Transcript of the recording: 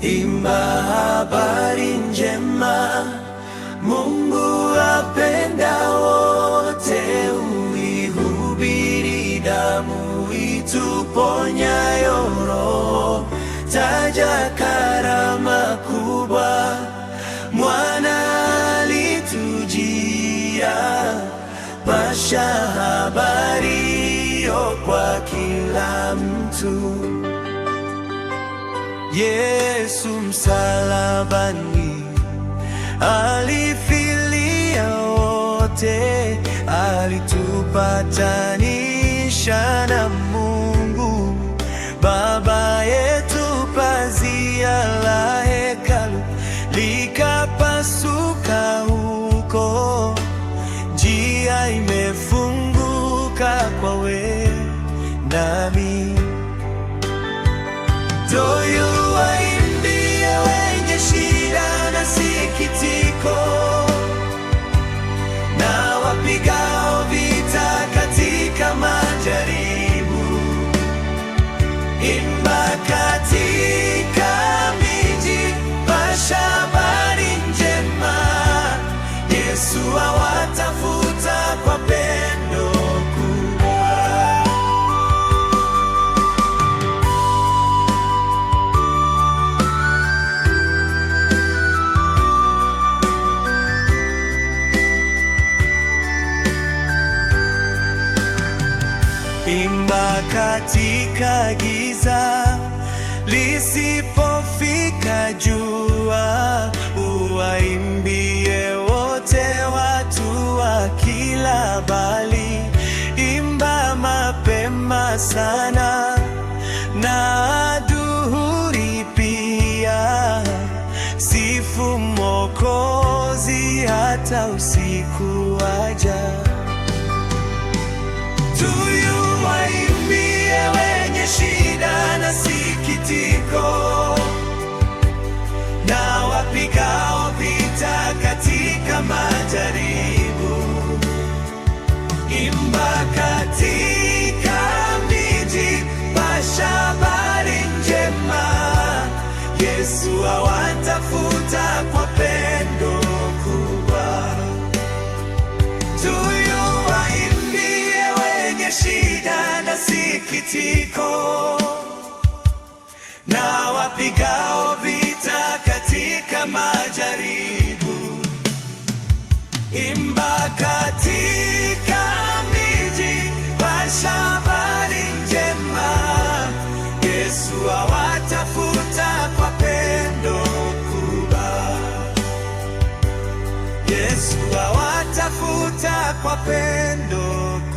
Imba habari njema, Mungu apenda wote, uihubiri damu ituponyayo roho, taja karama kubwa mwana alitujia, pasha habari yo kwa kila mtu. Yesu msalabani alifilia wote, alitupatanisha na Mungu Baba yetu. Pazia la hekalu likapasuka, huko njia imefunguka kwa we nami. Imba katika giza lisipofika jua, uwaimbie wote watu wa kila bali. Imba mapema sana na adhuhuri pia, sifu Mwokozi hata usiku waja katika miji njema, Yesu awatafuta kwa pendo kubwa. Tuyuwaimbie wenye shida na Yesu awatafuta kwa pendo